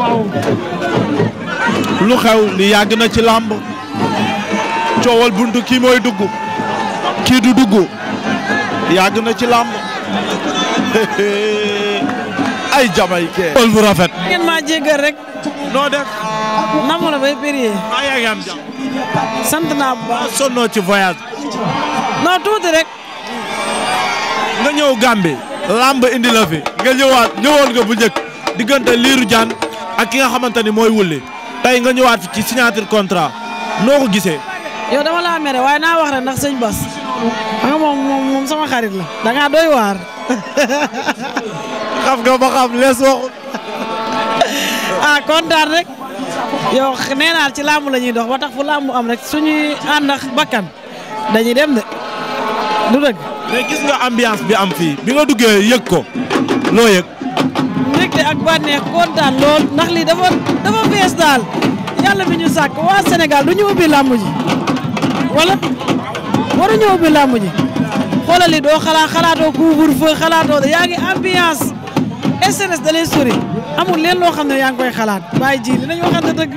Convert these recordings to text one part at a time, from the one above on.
waaw waaw lu xew li yàgg na ci làmb coowal buntu kii mooy dugg kii du dugg yàgg na ci làmb ay jamay kee xool bu rafet ngeen maa jéggal rek noo def namu la bay périer sant naa bu sonnoo ci voyage non tuuti rek nga ñëw Gambie làmb indi la fi nga ñëwaat ñëwoon nga bu njëkk diggante Lirou Diane ak ki nga xamante ni mooy wulli tey nga ñëwaat ci signature contrat noo ko gisee. yow dama laa mere waaye naa wax rek ndax sëñ Bas xam nga moom moom sama xarit la da ngaa doy waar. xam nga ba xam lees waxut. ah kontaan rek yow nee naa ci làmb la ñuy dox ba tax fu làmb am rek suñuy ànd ak bakkan dañuy dem de du dëgg. mais gis nga ambiance bi am fii bi nga duggee yëg ko loo yëg. mbégte ak bànneex kontaan lool ndax lii dafa dafa bees daal yàlla mi ñu sàkk waa Sénégal du ñu ubbi làmb ji wala waruñu ubbi làmb ji xoolal li doo xalaat xalaatoo couvre-feu xalaatoo yaa ngi ambiance SNS da lay sori leen loo xam ne yaa ngi koy xalaat waaye ji li nañu waxante dëgg.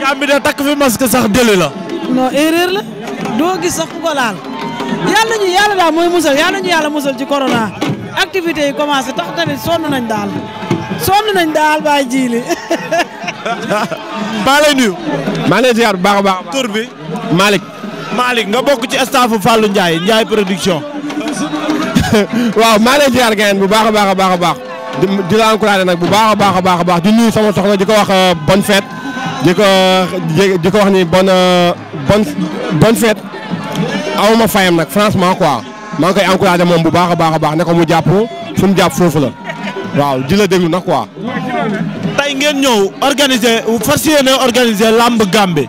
gàmm bi de takk fi masque sax délai la. non la doo gis sax ku ko laal yàlla ñu yàlla daal mooy musal yàlla ñu yàlla musal ci corona activité yi commencé tax tamit sonn nañ daal. sonn nañ daal baay jiili. maa lay nuyu. maa lay bu baax baax. tur bi Malick. Malick nga bokk ci staffu Fallou njaay Ndiaye production. waaw maa lay ziar gayen bu baax a baax a baax a baax di di nag bu baax a baax a baax a baax di nuyu sama soxla di ko wax euh, bon fête di ko ko wax ni bonne euh, bonne bonne fête awuma fayam nag franchement quoi maa ngi koy encouragé moom bu baax a baax a baax ne ko mu jàpp fu mu jàpp foofu la. waaw ji la déglu nag quoi. tey ngeen ñëw organiser fas yéene organiser làmb Gambie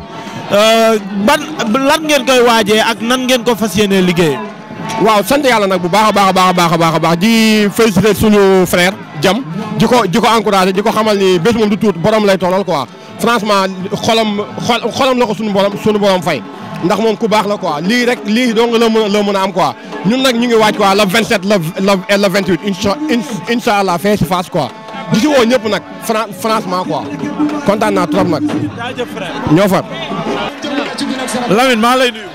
euh, ban lan ngeen koy waajee ak nan ngeen ko fas yéene liggéey. waaw sant yàlla nag bu baax a baax a baax a baax a baax di suñu frère jam di ko di ko encourager di ko xamal ni bés moom du tuut borom lay tollal quoi franchement xolam xolam la ko suñu borom suñu borom fay ndax moom ku baax la quoi lii rek lii dong la mën la mën a am quoi. ñun nag ñu ngi waaj quoi le 27 le le le 28 incha incha allah face à face quoi di si woo ñëpp nag fran franchement quoi kontaan naa trop nag. ñoo far. Lamine maa lay nuyu.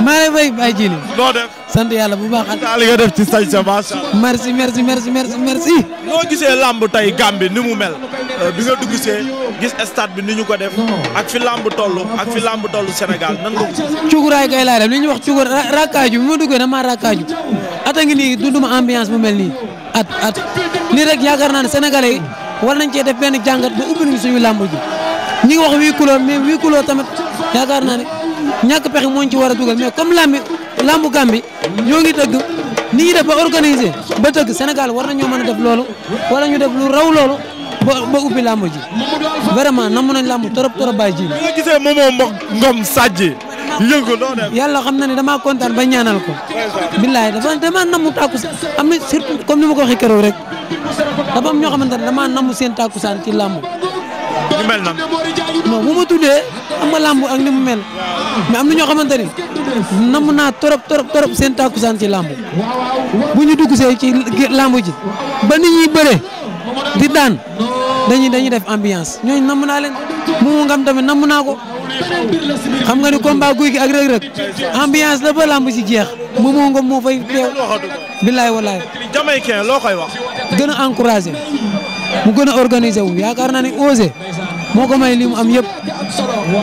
maa ngi lay bay jili sant yàlla bu baax. li nga def ci sañ sa macha allah. merci merci merci merci merci. noo gisee làmb tey Gambie ni mu mel. Euh, bi nga dugg see gis stade bi ni ñu ko def ak fi lamb toll ak fi lamb toll Sénégal nan nga. kay laay def li ñuy wax cugur rakkaaju bi ma duggee damaa rakkaaju at a ngi nii dunduma ambiance bu mel nii at at lii rek yaakaar naa ne sénégalais yi war nañ cee def benn jàngat ba ubbi nañ suñu lamb ji ñi ngi wax huis clos mais huis clos tamit yaakaar naa ne ñàkk pexe moo ci war a dugal mais comme lambi lambu Gàmbi ñoo ngi tëgg ni ñuy def ba organiser ba tëgg Sénégal war nañoo mën a def loolu wala ñu def raw loolu. ba ba ubbi làmb ji vraiment namu nañ làmb trop trop bàyyi ji. bi nga moomoo ngom sàjje. yëg ko xam na ne damaa kontaan ba ñaanal ko. billaay dafa damaa namu tàkkusaan am na surtout comme ni ma ko waxee keroog rek dafa am xamante ne damaa namu seen tàkkusaan ci làmb. ñu mel nan. non bu ma tuddee am nga làmb ak ni mu mel. mais am na ñoo xamante ni namu naa torop torop torop seen tàkkusaan ci làmb bu ñu dugg see ci làmb ji ba nit ñi bëre. di daan dañuy dañuy def ambiance ñooñu namm naa leen Moumou Ngam tamit namm naa ko xam nga ni combat guy gi ak Reug Reug ambiance la ba lamb si jeex Moumou Ngam moo fay teew billaay wallaay jamaïcain loo koy wax gën a encouragé mu gën a organisé wu yaakaar naa ne osé moo ko may li mu am yëpp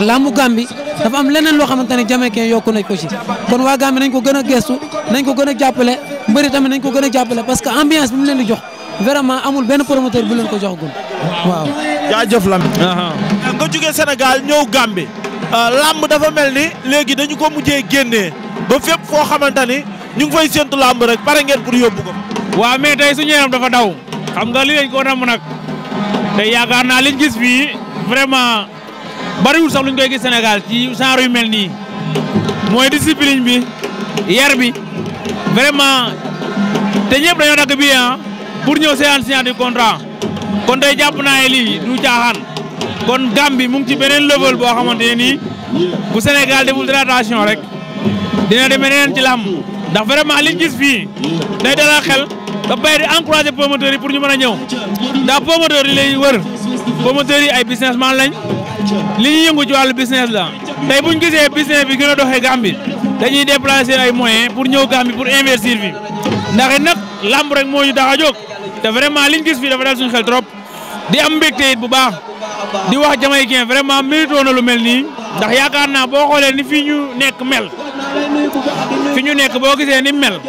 lambu Gambi dafa am leneen loo xamante ne jamaïcain yokku nañ ko ci kon waa Gambi nañ ko gën a gestu nañ ko gën a jàppale mbëri tamit nañ ko gën a jàppale parce que ambiance mu leen di jox vraiment amul benn promoteur bu leen ko jox gun waaw jaajëf lam nga jógee Sénégal ñëw Gambie euh, lamb dafa mel ni léegi dañu ko mujjee génnee ba fépp foo xamante ni ñu ngi fay séntu làmb rek pare ngeen pour yobbu ko waaw mais tey suñu yaram dafa daw xam nga li lañ ko nam nag te yaakaar naa liñ gis fii vraiment bariwul sax luñ koy gis Sénégal ci genre yu mel nii mooy discipline bi yar bi vraiment te ñëpp dañoo dagg bi ah pour ñëw séance signature contrat kon tey jàpp naa ne lii du caaxaan kon Gambie mu ngi ci beneen level boo xamante ne nii bu Sénégal deful tratation rek dina demee neneen ci làmb ndax vraiment liñ gis fii day dalal xel ba bay di encourager promoteurs yi pour ñu mën a ñëw ndax promoteurs yi lay wër promoteurs yi ay businessman lañ li ñu yëngu ci wàllu business la tey bu ñu gisee business bi gën a doxee Gambie dañuy déplacer ay moyens pour ñëw Gambie pour investir fi ndax it nag làmb rek moo ñu te vraiment liñ gis fii dafa dal suñu xel trop di am mbék it bu baax di wax jamaïcain vraiment mérite woon lu mel nii ndax yaakaar naa boo xoolee ni fii ñu nekk mel fi ñu nekk boo gisee ni mel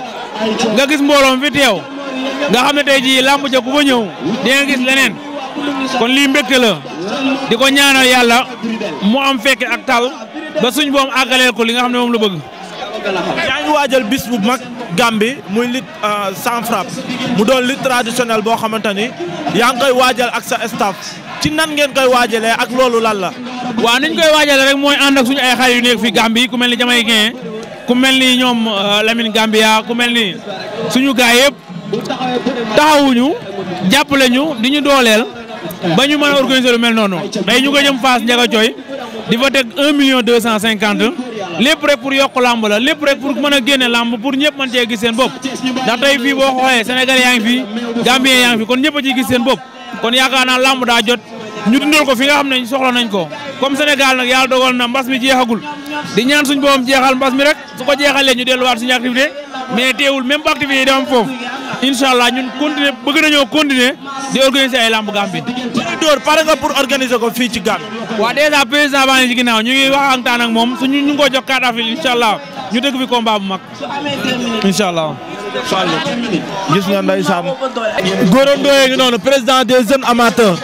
nga gis mbooloom fi teew nga xam ne tey jii làmb ja ku ñëw di nga gis leneen kon lii mbégte la di ko ñaanal yàlla mu am fekke ak tal ba suñ boom àggaleel ko li nga xam ne moom la bëgg yaa waajal bis bu Gambie muy lutte euh, sans frappe mu doon lutte traditionnelle boo xamante ni yaa ngi koy waajal ak sa staff ci nan ngeen koy waajalee ak loolu lan la. waaw niñ koy waajalee rek mooy ànd ak suñu ay xale yu nekk fii Gambie ku mel ni Jamaïcain ku mel ni ñoom euh, Lamine Gambia ku mel ni suñu gaay yëpp taxawuñu jàppale ñu di ñu dooleel ba ñu mën a organiser lu mel noonu tey ñu ko jëm Fass di fa teg un million deux cent cinquante lépp rek pour yokk làmb la lépp rek pour mën a génne làmb pour ñëpp mën cee gis seen bopp ndax tey fii boo xoolee sénégalais yaa ngi fi gambien yaa ngi fi kon ñëpp a ciy gis seen bopp kon yaakaar naa làmb daa jot ñu dundal ko fi nga xam ne soxla nañ ko comme Sénégal nag yàlla dogal na mbas mi jeexagul di ñaan suñ boobam jeexal mbas mi rek su ko jeexalee ñu delluwaat suñu activité mais teewul même activité yi dafa am foofu incha allah ñun continuer bëgg nañoo continuer di organiser ay lamb Gambie. bëri door pare nga pour organiser ko fii ci Gambie. waaw dèjà président baa ngi ci ginnaaw ñu ngi waxtaan moom suñu ñu ngi ko jox 4 avril incha allah ñu dëgg fi baa bu mag incha allah. gis nga nday Sam. góoram ngi noonu président des jeunes amateurs.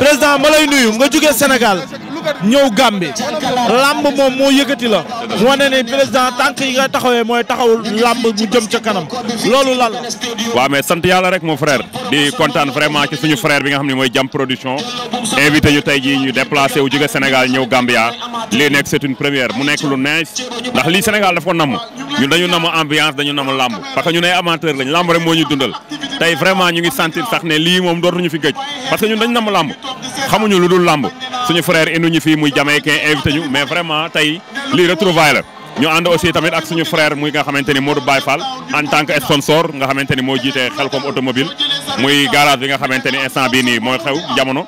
président ma lay nuyu nga jugee Sénégal. ñëw Gambie lamb moom moo yëkkati la moo ne ne président tànk yi nga taxawee mooy taxaw lamb mu jëm ca kanam loolu lan la. waaw mais sant yàlla rek mon frère di kontaan vraiment ci suñu frère bi nga xam ne mooy Jam Production invité ñu tey jii ñu déplacé wu jóge Sénégal ñëw Gambia li nekk c'est une première mu nekk lu neex ndax lii Sénégal daf ko namm ñun dañu nam ambiance dañu nam làmb parce que ñun ay amateur lañ làmb rek moo ñu dundal tey vraiment ñu ngi sentir sax ne lii moom dootuñu fi gëj parce que ñun dañu nam làmb xamuñu lu dul làmb suñu frère indi ñu fii muy jamaïcain invité ñu mais vraiment tey lii retrouvaille la ñu ànd aussi tamit ak suñu frère muy nga xamante moo Modou Baye Fall en tant que sponsor nga xamante ni moo jiite Xelcom automobile muy garage bi nga xamante ni instant bii nii mooy xew jamono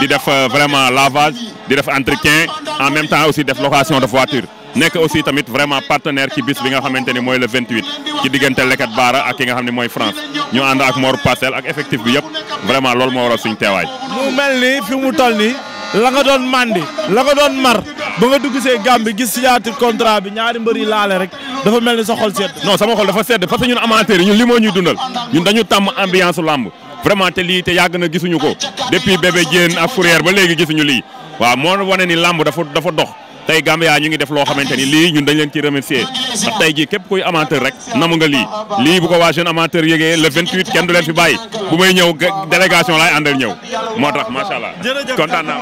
di def euh, vraiment lavage di def entretien en même temps aussi def location de voiture nekk aussi tamit vraiment partenaire ci bis bi nga xamante ni mooy le 28 ci diggante Leket Baara ak ki nga xam ne mooy France ñu ànd ak Mor Parcelles ak effectif bi yëpp vraiment loolu moo waral suñu teewaay. mu mel ni fi mu toll nii la nga doon mandi la nga doon mar ba nga dugg see gis signature contrat bi ñaari mbër laale rek dafa mel ni sa xol sedd. non sama xol dafa sedd parce que ñun amateurs yi ñun li moo ñuy dundal ñun dañu tàmm ambiance làmb vraiment te lii te yàgg na gisuñu ko depuis bébé Diène ak Fourière ba léegi gisuñu lii waaw moo wane ni làmb dafa dafa dox. tey Gambia ñu ngi def loo xamante ni lii ñun dañ leen ci remercier ndax tey jii képp kuy amateur rek namu nga lii lii bu ko waa jeune amateur yëgee le 28 kenn du leen fi bàyyi bu may ñëw délégation laay àndal ñëw moo tax macha allah. jërëjëf kontaan naa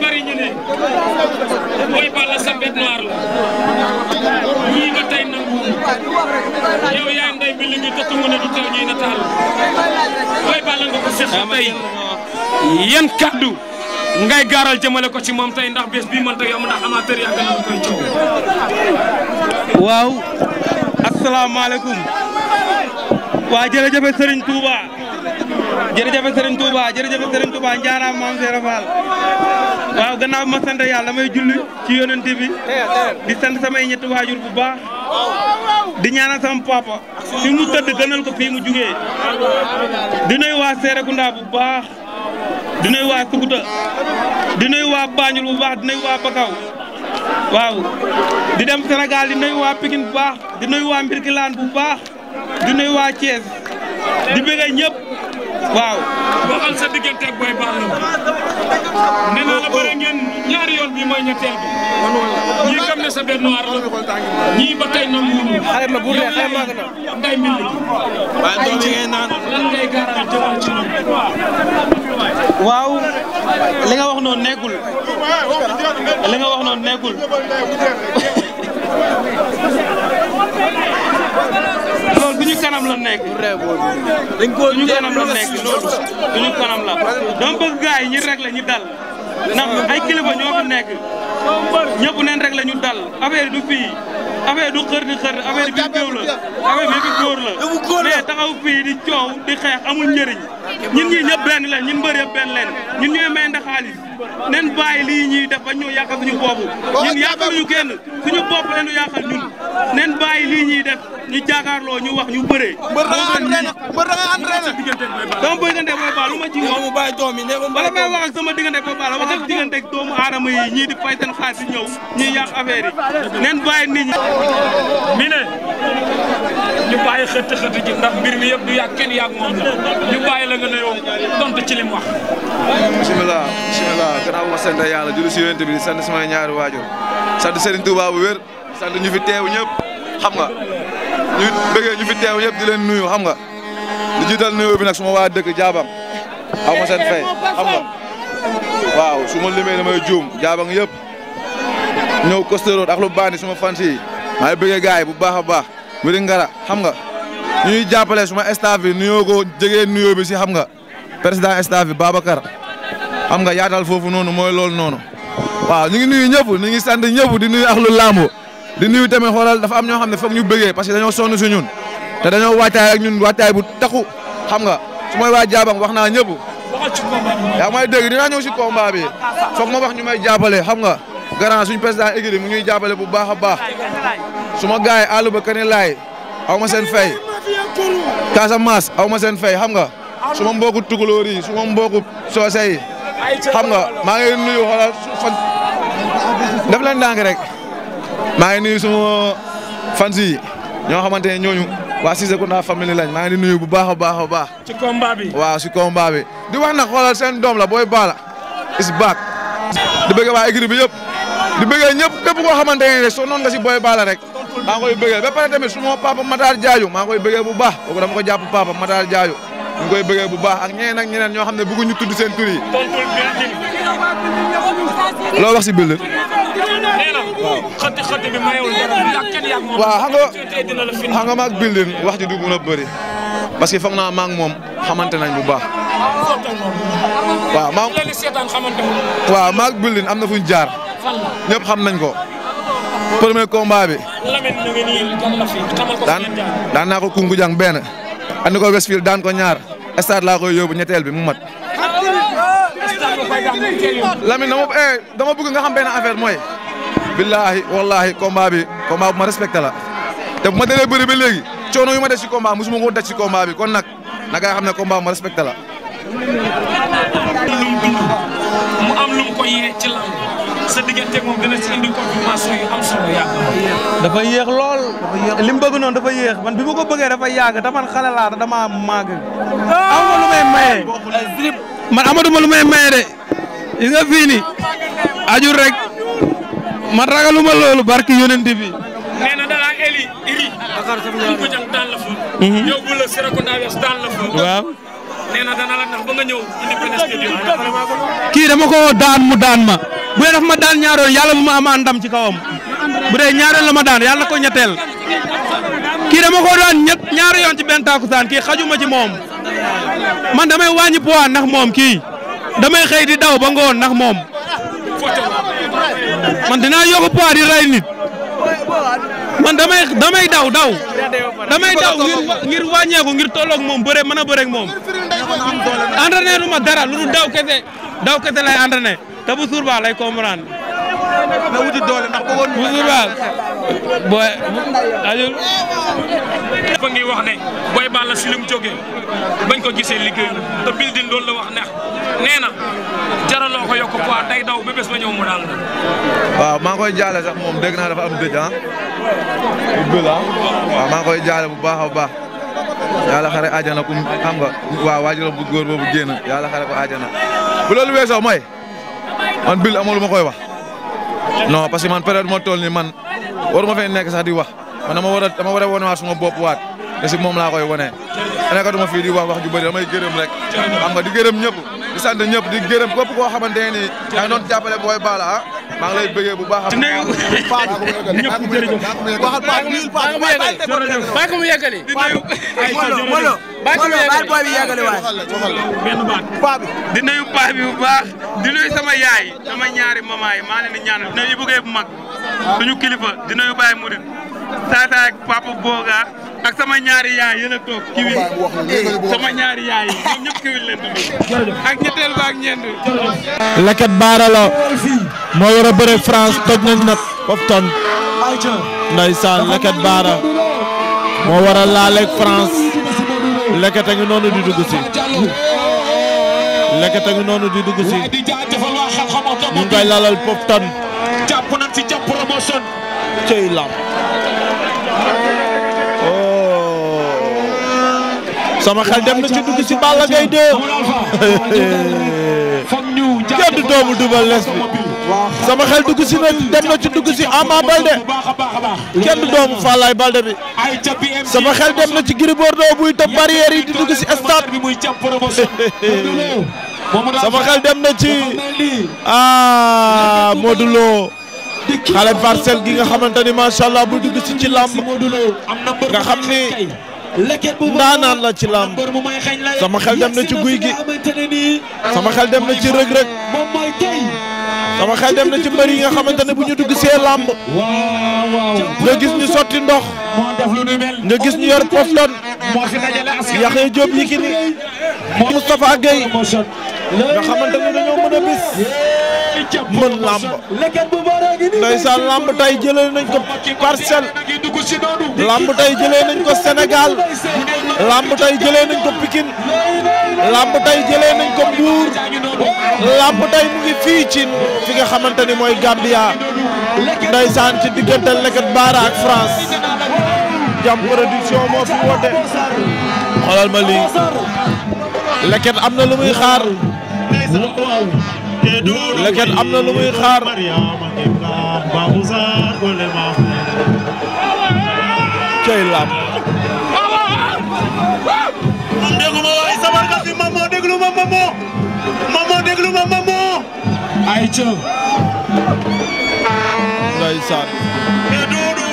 bari ñu ne Boy Balla sa bête noire nga tey nangu yow yaa nday bi li ngi ne du teew ñuy nataal Boy Balla nga ko seq tey yan kaddu. ngay gaaral jëmale ko ci moom tey ndax bés bii mënta yomb ndax amateur yàgg na koy coow. waaw asalaamaaleykum waa jërëjëf Serigne Touba jërëjëf Serigne Touba jërëjëf Serigne Touba njaaraam maam Seera Fall waaw gannaaw ma sant yàlla damay julli ci yonent bi di sant samay ñetti waajur bu baax di ñaanal sama papa fi mu tëdd gënal ko fii jugee di nuyu waa Serekunda bu baax. di nuyu waa Sukuta di nuyu waa Banjul bu baax di nuyu waa Bakaw waaw di dem Sénégal di nuyu waa Pikine bu baax di nuyu waa Mbirkilaan bu baax di nuyu waa Thiès di bëgg ñëpp. waaw. waxal sa diggante ak Boy Balla. nee naa la bëre ngeen ñaari yoon bi mooy ñetteel bi. ñii xam ne sa benn noir la ñii ba tey noonu. xale ma bu dee xale mag na. ngay mil. waaye doom yi ngay naan. lan ngay garanti ci waaw li nga wax noonu nekkul li nga wax noonu nekkul. loolu du ñu kanam la nekk. dañ du ñu kanam la nekk loolu du ñu kanam la. yi ñi rek la ñu dal ndax ay kilifa ñoo fi nekk ñëpp neen rek la ñu dal affaire du fii. affaire du xër di xër affaire bi góor la affaire bi góor la mais taxaw fii di coow di xeex amul njëriñ ñun ñii ñëpp benn leen ñun mbër yëpp benn leen ñun ñooy mayante xaalis nen bàyyi lii ñuy def ba ñu yàqal suñu bopp ñun yàqaluñu kenn suñu bopp leen du yàqal ñun nen bàyyi lii def ñu jàkkaarloo ñu wax ñu bëree. mbër da nga mbër da nga entraîné. sama diggante Boy Ba lu ma ci wax. mu bàyyi doom yi ne ko bala may wax ak sama diggante Boy Ba la wax ak yi ñii di fay seen xaalis yi ñëw ñuy yàq affaire neen bàyyi nit ñi. mi ne ñu bàyyi xëtt xëtt ji ndax mbir mi yëpp du yàgg kenn yàgg moom la ñu bàyyi la nga nuyoo tontu ci lim wax. bisimilah bisimilah gannaaw ma sant yàlla julli si yonent bi di sant ñaari waajur sant Serigne Touba bu wér ñu bëggee ñu fi teew yëpp di leen nuyu xam nga di jiital nuyoo bi nag suma waa dëkk jaabang aw ma seen fay xam nga waaw suma ma limee damay juum jaabang yëpp ñëw Costerone ak lu baani suma fans yi maa ngi bëggee yi bu baax a baax wiri ngara xam nga ñu ñuy jàppale suma staff bi nuyoo ko jegee bi si xam nga président staff bi Babacar xam nga yaatal foofu noonu mooy loolu noonu waaw ñu ngi nuyu ñëpp ñu ngi sant ñëpp di nuyu ak lu lambo di nuyu tamit xoolal dafa am ñoo xam ne foog ñu bëggee parce que dañoo sonn si ñun te dañoo waajtaay ak ñun waajtaay bu taxu xam nga su may waa jaabang wax naa ñëpp yaa may dégg dinaa ñëw si combat bi foog ma wax ñu may jàppale xam nga garant suñ président écurie mu ñuy jàppale bu baax a baax su ma gars yi àll ba kani laay aw ma seen fay Casamance aw ma seen fay xam nga su ma mbokku tukulóor yi su ma mbokku soose yi xam nga maa ngi nuyu xoolal fan def leen ndànk rek maa ngi nuyu suma fans yi ñoo xamante ne ñooñu waa Cissé Kounda famille lañ maa ngi nuyu bu baax a baax a baax. ci combat bi waaw ci combat bi. di wax nag xoolal seen doom la booy baala is back. di bëgg waa équipe bi yëpp di bëgg ñëpp képp koo xamante ne rek soo noonu booy ci rek. maa ngi koy bëggee ba pare tamit suma papa Matar Diadio maa ngi koy bëggee bu baax kooku dama ko jàpp papa Matar Diadio. ñu ngi koy bëggee bu baax ak ñeneen ak ñeneen ñoo xam ne bëgguñu tudd seen tur yi. loo wax si Builder. waaw xam nga xam wax ji du mun bëri parce que foog na maag moom xamante nañ bu baax. waaw maag waaw am na fu jaar ñëpp xam nañ ko. premier combat bi daan daan naa ko Koungheul jàng benn andi ko Westfield daan ko ñaar stade laa koy yóbbu ñetteel bi mu mat. Lamine dama eh dama bëgg nga xam benn affaire mooy. billaahi wallaahi combat bi combat bu ma respecté la te bu ma dalee yu ma des ci combat mosuma ko daj ci combat bi kon nag na xam ne combat bu ma respecté dafa yéex lool. dafa yéex li mu dafa yéex man bi ma ko dafa yàgg te man xale laa te damaa màgg. am na lu may maye. Eh, man Amadou ma lu may maye de. gis nga fii rek man ragaluma loolu barki yonent bi. nee na dala mhm. ko daan mu daan ma bu dee ma daan ñaaroon yàlla ma amaa ndam ci kawam bu dee ñaareel la ma daan yàlla ko ñetteel kii dama daan ñett ñaari yoon ci benn taakusaan kii xajuma ci moom man damay wàññi poids ndax moom kii. damay xëy di daw ba ngoon ndax moom man dinaa yokk poids di rey nit man damay damay daw daw damay daw ngir ngir wàññeeku ngir tolloog moom bëre mën a bëreeg moom entraîné lu ma dara lu dul daw kese daw kese lay entraîné te bu suur baa lay na wuti doole ndax bëggoon mu Moussa booy Aliou. dafa ngi bañ ko gisee liggéeyam te building loolu la wax neex nee na jaraloo ko daw ba bés ba mu daal la. maa ngi koy jaale sax moom dégg naa dafa am dëj ah. dëj ah waaw maa koy jaale bu baax a baax. yàlla xare àjjana ku xam nga waaw waajuram bu góor boobu génn yàlla xare ko àjjana bu loolu weesoo mooy man bil amul ma koy wax. non parce que man période moo ni man waruma fee nekk sax di wax man dama war a dama war a wane si moom laa koy wane. nekkatuma fii di wax wax ju bëri damay gërëm rek xam nga di gërëm ñëpp di sant ñëpp di gërëm képp koo xamante ne nii yaa ngi doon jàppale booy Balla ah maa lay bëggee bu baax a baax. ñëpp jërëjëf waxal Paa mille Paa mu yeggali bu baax. di sama yaay sama ñaari mama yi maa leen di ñaanal dina yu bëggee bu mag suñu kilifa dina yu bàyyi murit taata ak papa sama ñaari yaay yéen toog kiwi sama ñaari yaay yi ñoom ñëpp kiwi leen leket baara moo yor a France toj nañ nag foofu ton ndeysaan leket baara moo war laaleeg France leket a noonu di dugg si Leket a ngi noonu di dugg si. di jaajëfal waa xam-xam oto ñu ngi koy lalal poftan. jàpp nañ si jàpp promotion. cey lam. Oh. sama xel dem na ci dugg si Balla Gaye 2. kenn doomu Double Less bi. sama xel dugg si na dem na ci dugg si Ama Baldé kenn doomu Fallaye Baldé bi sama xel dem na ci Gris Bordeaux buy topp barrière yi di dugg si stade sama xel dem na ci ah Modou Lo xale parcelle gi nga xamante ni macha allah bu dugg si ci làmb nga xam ni naan la ci làmb sama xel dem na ci guy gi sama xel dem na ci rëg-rëg. sama xel dem na ci mbër yi nga xamante ne bu ñu dugg see làmb nga gis ñu sotti ndox nga gis ñu yor poflon Yaxya Jóob Yékini moom Moustapha Gueye nga xamante ni dañoo mën a bis mën làmb ndeysaan làmb tey jëlee nañ ko parcelle làmb tey jëlee nañ ko Sénégal làmb tey jëlee nañ ko Pikine làmb tey jëlee nañ ko Mbour làmb tey mu ngi fii ci fi nga xamante ni mooy Gambia ndeysaan ci diggante Leket Baara ak France jam production moo fi woote xoolal ma lii Leket am na lu muy xaar Leket am na lu muy xaar cey lam déglu ma waay sabar nga si mamo déglu ma mamo mamo déglu ma mamo ay cë ndeysaan Doudou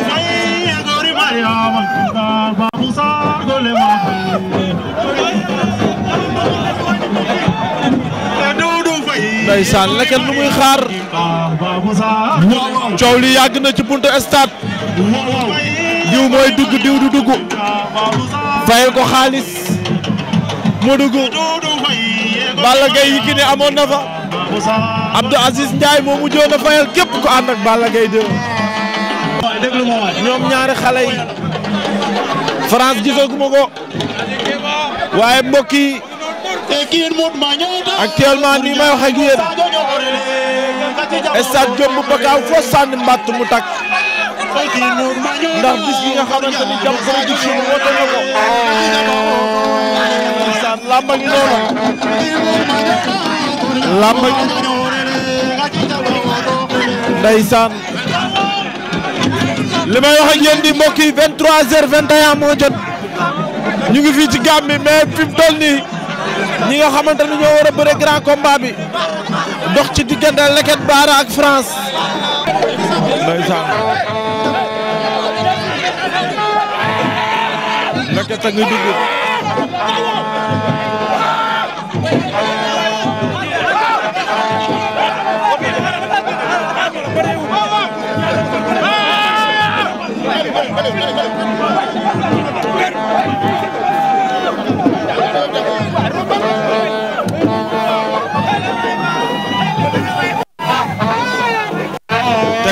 Faye ndeysaan leket lu muy xaar coow li yàgg na ci buntu stade diw mooy dugg diw du dugg faye ko xaalis mu dugg Balla Gaye ne amoon na fa Abdou Aziz Ndiaye moo mujjoon a fayal képp ko ànd ak Balla ñoom ñaari xale yi France gisaguma ko waaye mbokk actuellement nii may wax ak yéen stade Diop bu Bakaaw foo sànni mbàtt mu takk ndax bis bi nga xamante ni jam production woote na ko ndeysaan làmba ngi noonu làmba ngi ndeysaan li may wax ak yéen di mbokk yi 23h21 moo jot ñu ngi fii ci Gàmbi mais fi mu nii ñi nga xamante ni ñoo war bëre grand combat bi dox ci diggante Leket Baara ak France. ndeysaan Leket a ngi dugg.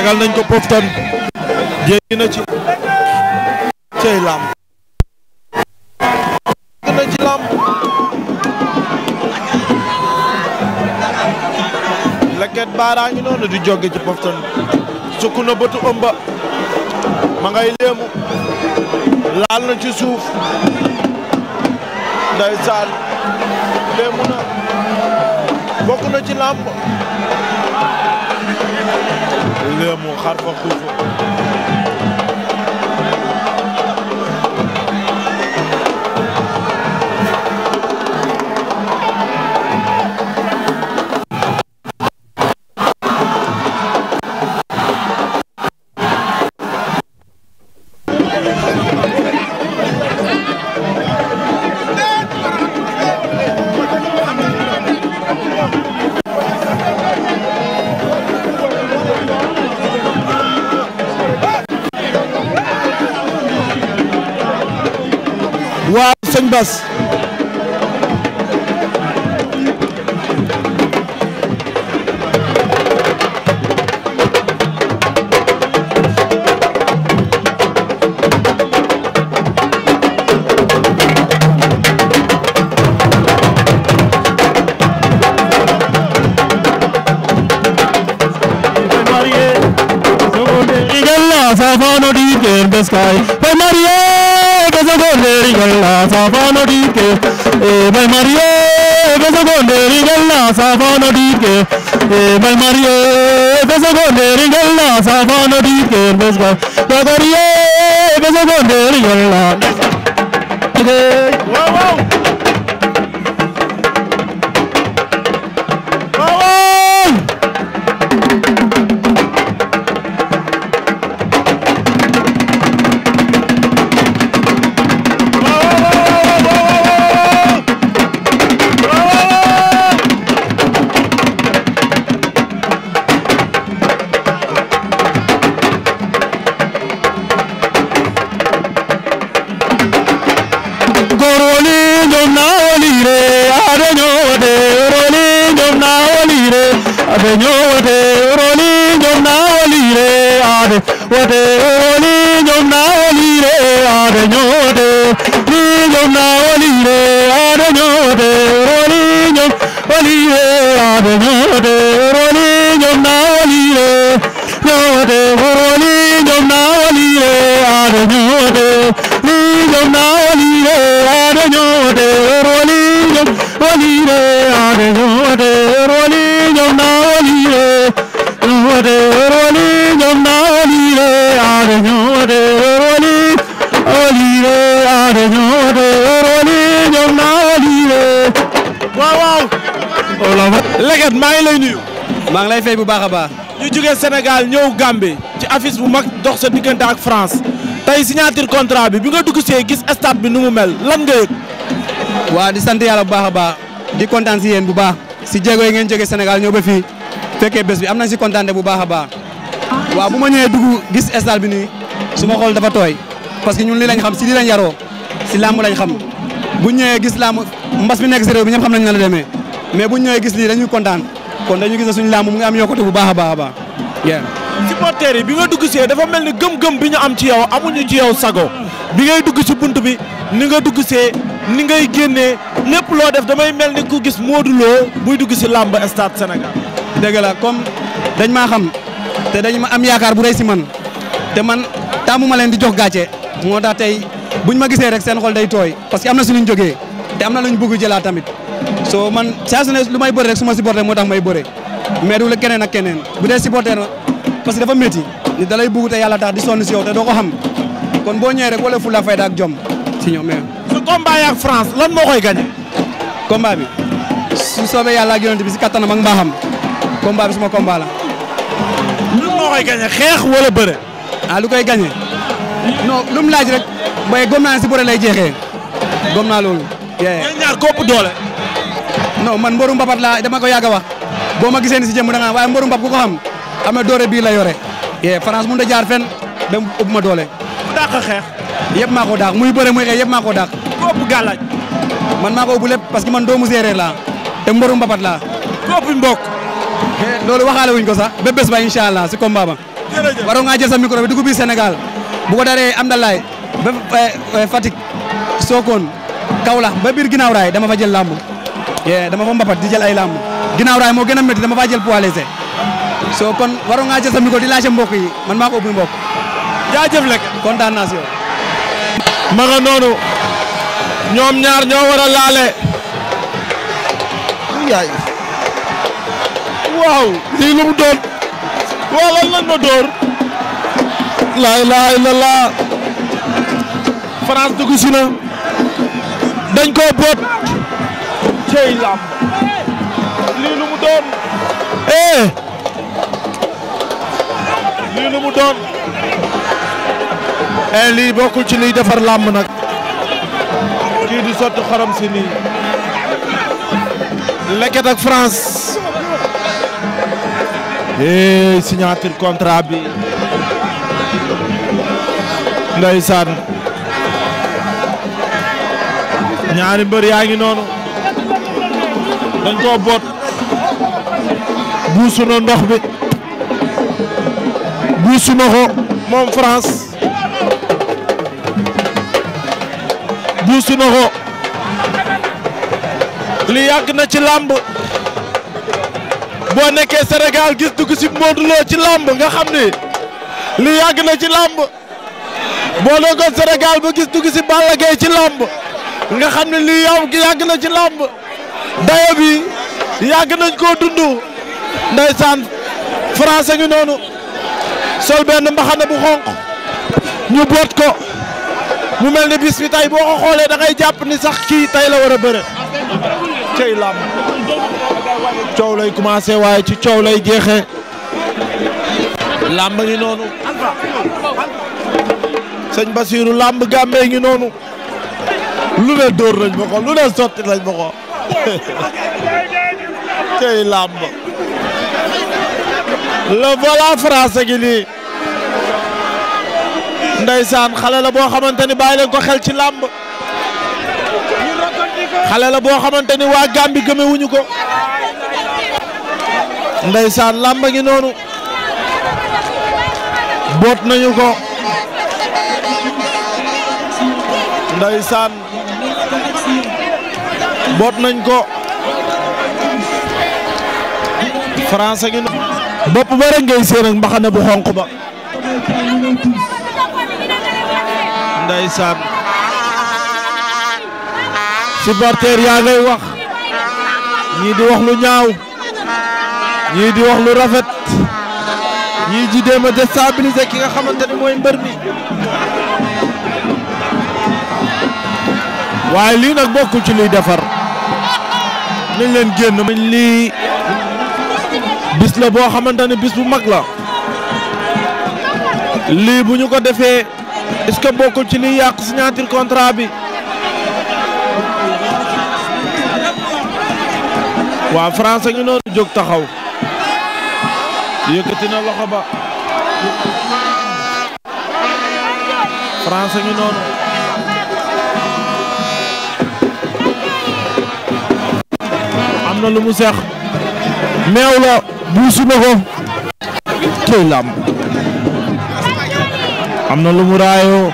tegal nañ ko poftan jéggi na ci cey lamb na ci leket baaraa ngi noonu di jóge ci poftan sukk na bëtu ëmba ma ngay léemu laal na ci suuf ndeysaan léemu na bokk na ci lamb réew moo xar fa xuufa waaw sëñ Bas. Fafano di Gerdes Kai, Pemaria! gonderi galla safano dike e bal mario beso gonderi galla safano dike e bal mario beso gonderi galla safano dike beso gonderi galla beso gonderi galla Okay. Whoa, whoa. Légat maa ngi lay nuyu. maa ngi lay fay bu baax a baax. ñu jógee Sénégal ñëw Gambie ci affiche bu mag dox sa diggante ak France tey signature contrat bi bi nga dugg see gis stade bi nu mu mel lan nga yëg. waa di sant yàlla bu baax baax di kontaan si yéen bu baax si jéego yi ngeen jóge Sénégal ñëw ba fi fekkee bes bi am nañ si kontaante bu baax a baax waaw bu ma ñëwee dugg gis stade bi nii su ma xool dafa tooy parce que ñun lii lañ xam si lii lañ yaroo si làmb lañ xam bu ñëwee gis làmb mbas mi nekk si bi ñëpp xam nañ la demee. mais bu ñu ñëwee gis lii dañuy kontaan kon dañuy gis ne suñu làmb mu ngi am yokkute bu baax a baax a baax. supporters yi bi nga dugg si dafa mel ni gëm-gëm bi ñu am ci yow amuñu ci yow sago bi ngay dugg si bunt bi ni nga dugg see ni ngay génnee lépp loo def damay mel ni ku gis Modou Lo buy dugg si làmb stade Sénégal. dëgg la comme dañ maa xam te dañ ma am yaakaar bu rëy si man te man taamu ma leen di jox gàcce moo tax tey bu ñu ma gisee rek seen xol day tooy parce que am na suñu jógee te am na luñ bëgg jëlaat tamit soo man saa lu may bëri rek su ma supporter moo tax may bëre mais du la keneen ak keneen bu dee supporter parce que dafa métti ni da lay bugg te yàlla tax di sonn si te doo ko xam kon boo ñëwee rek wala fu la fayda ak jom si ñoom mais. su combat France lan moo koy gagné. combat bi su soobee yàlla ak yonent bi si kattanam ba mbaaxam combat bi suma combat la. lan moo koy gagné xeex wala bëre. ah lu koy gagné non lu laaj rek bay gom naa si bëre lay jeexee gom naa non man mboru mbapat laa dama ko yàgg a wax boo ma gisee ni si jëmm da nga waaye mboru mbap ku ko xam xam ne doole la yore yee France mënut a jaar fenn ba ëpp ma doole. bu dàq xeex. yëpp maa ko dàq muy bëre muy xeex yëpp ko dàq. man maa ko ëpp parce que man doomu séeréer la te mboru mbapat laa. ku ëpp mbokk. loolu waxaale wuñ ko sax ba bés ba incha allah si combat ba. jërëjëf waroon ngaa jël sa micro bi dugub bi Sénégal bu am dalaay ba eh, eh, Fatick Sokone dama fa jël làmb dama fa mbapat di jël ay làmb ginnaaw moo gën a dama faa jël poids soo kon waroon ngaa jël sa di laajte mbokk yi man maa ko ëpp mbokk. jaajëf lekk kontaan naa si yow. ma nga ñoom ñaar ñoo war laale. waaw lii doon waaw lan lan ma door. laa ilaaha illallaah. France dugg si na. dañ koo boot. lii lu mu doon eh lii lu mu doon eh lii bokkul ci liy defar làmb nag kii di sotti xorom si leket ak France eh signature contrat bi ndeysaan ñaari mbër yaa ngi noonu dañ koo boot buusu na ndox bi buusu na ko moom France buusu na ko li yàgg na ci làmb boo nekkee Sénégal gis dugg si Modou Lo ci làmb nga xam ni li yàgg na ci làmb boo nekkoon Sénégal ba gis dugg si Balla ci làmb nga xam ne lii yàgg na ci làmb dayo bi yàgg nañ koo dund ndeysaan français ngi noonu sol benn mbaxana bu xonq ñu boot ko mu mel ni bis bi tey boo ko xoolee da jàpp ni sax kii tey la war a bëre cey làmb coow lay commencé waaye ci coow lay jeexee làmb ngi noonu sëñ Basiiru làmb gàmbee ngi noonu lu ne dóor lañ ma lu ne sotti lañ ma ko tey làmb le volant français gi nii ndeysaan xale la boo xamante ni bàyyi leen ko xel ci làmb xale la boo xamante ni waa Gàmbi gëmewuñu ko ndeysaan làmb ngi noonu boot nañu ko boot nañ ko France ngi no bopp ba rek ngay seen ak mbaxana bu xonq ba ndeysaan supporter yaa ngay wax ñii di wax lu ñaaw ñii di wax lu rafet ñii ji dem a déstabiliser ki nga xamante mooy mbër mi waaye lii nag bokkul ci luy defar nañ leen génn mañ lii bis la boo xamante ne bis bu mag la lii bu ñu ko defee est-ce que bokkul ci liy yàq signature contrat bi waa France ngi noonu jóg taxaw yëkkati na loxo ba France ngi noonu am na lu mu seex meew la buusu na ko tey làmb am na lu mu raayoo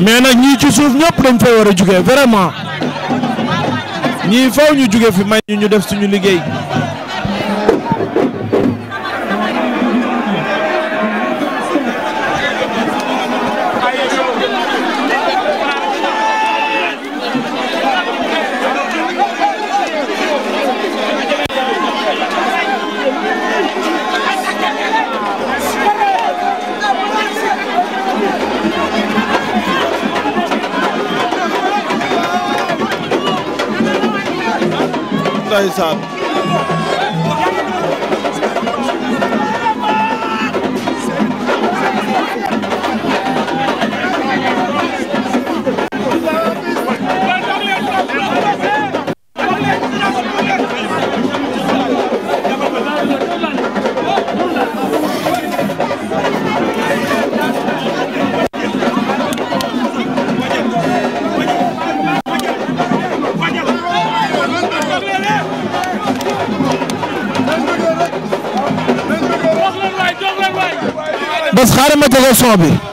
mais nag ñii ci suuf ñëpp dañ fay war a jóge vraiment ñii faw ñu jugee fi may ñu ñu def suñu liggéey ndeysaan émission bi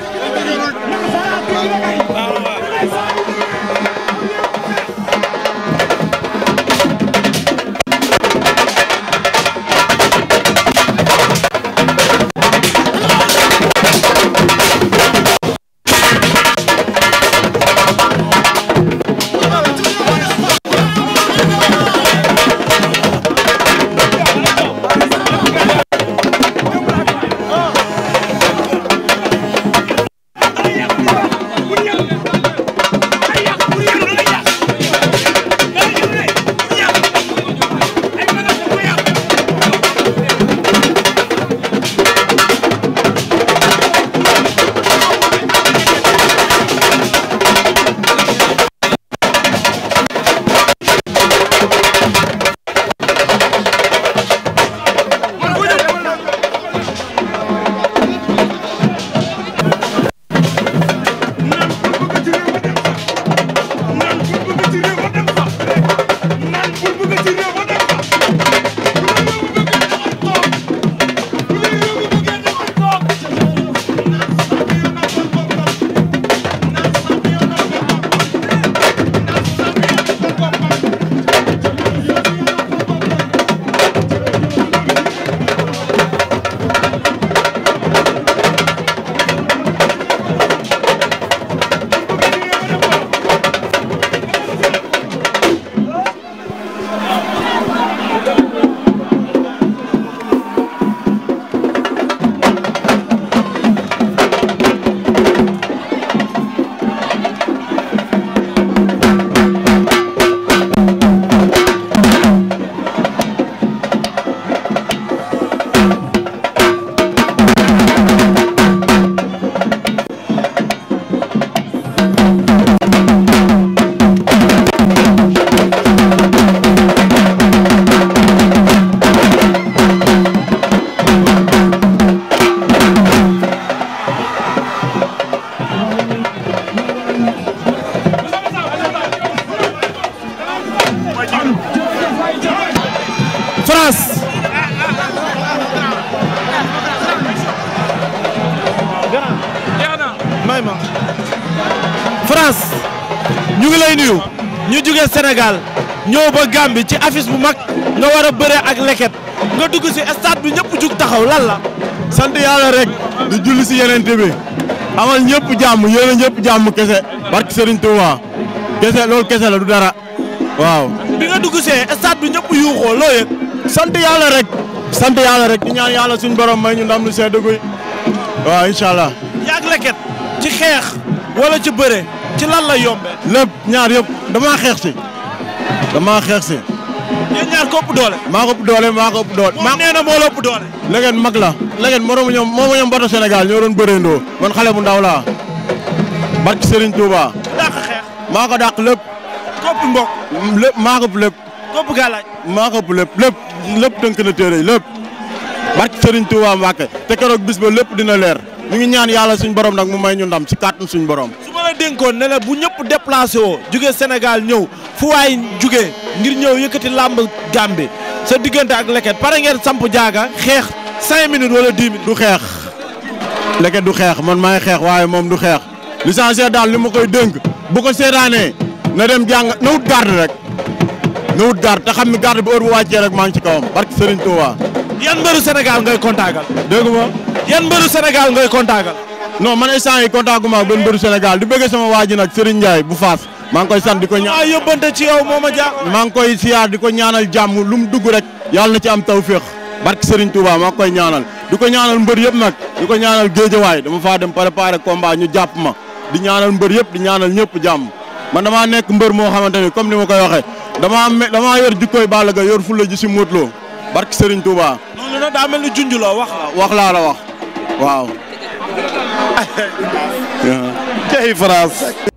lay nuyu ñu jóge Sénégal ñëw ba Gambie ci affiche bu mag nga war a bëree ak leket nga dugg si bi ñëpp jug taxaw lan la. sant yàlla rek di julli si yeneen bi amal ñëpp jàmm yéen a ñëpp jàmm kese barke Serigne Touba kese loolu kese la du dara waaw. bi nga dugg see bi ñëpp yuuxoo loo yëg. sant yàlla rek. sant yàlla rek di ñaan yàlla suñ borom may ñu ndam lu sedd guy waaw incha allah. yàgg leket ci xeex wala ci bëre. ci lan la yombee. ñaar yëpp damaa xeex si. damaa xeex si. ñaar ko ëpp doole. maa ko doole maa ko ëpp doole. moom nee na moo la doole. legen mag la. legen moromu ñoom moomu ñoom bato Sénégal ñoo doon man xale bu ndaw laa. barki Serigne Touba. dàq xeex. maa ko dàq lépp. kopp mbokk. lépp maa ko ëpp lépp. kopp gàllaaj. maa ko ëpp lépp lépp lépp tënk na téere lépp. barki Serigne Touba bis ba lépp dina leer. ñu ngi ñaan yàlla suñu borom nag mu may ñu ndam ci kàttan suñu borom dénkoon ne la bu ñëpp déplacé woo jugee Sénégal ñëw fu waay jugee ngir ñëw yëkkati làmb Gambie sa diggante ak leket pare ngeen samp jaaga xeex cinq minutes wala dix minutes. du xeex leket du xeex man maay xeex waaye moom du xeex licencié daal li ma koy dénk bu ko seetaanee na dem jàng na wut garde rek na wut garde te xam ne garde bu heure bu wàccee rek maa ngi ci kawam barke Serigne Touba. yan mbëru Sénégal ngay kontaagal. dégg yan mbëru Sénégal ngay kontaagal. non man instant yi kontaan gu ma ak benn mbëru Sénégal di bëgg sama waa ji nag Serigne Ndiaye bu Faas maa ngi koy sant di ko ñaan. waaw yóbbante ci maa ngi koy siyaar di ko ñaanal jàmm lu mu dugg rek. yàlla na ci am tawféex barke Serigne Touba maa ngi koy ñaanal di ko ñaanal mbër yëpp nag di ko ñaanal géejawaay dama faa dem préparer combat ñu jàpp ma di ñaanal mbër yëpp di ñaanal ñëpp jàmm man damaa nekk mbër moo xamante ni comme ni ma koy waxee dama me damaa yor jikkooy Balla Gaye yor fulla ji si Modou Lo barke Serigne Touba. noonu la daa mel ni junj la wax la. wax laa la wax waaw. cey France